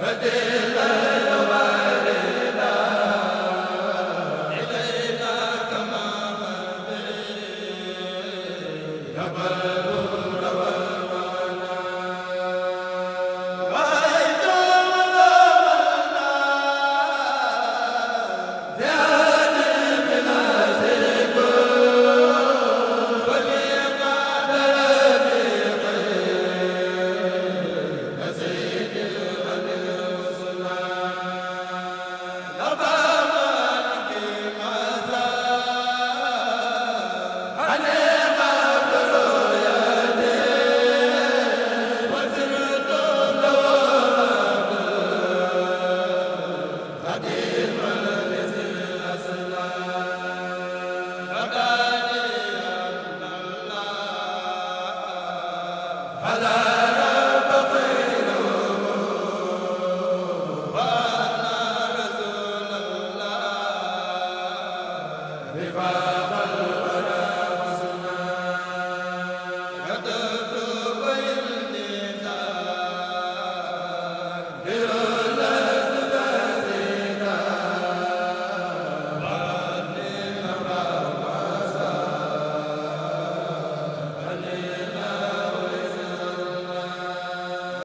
Hadi bi fa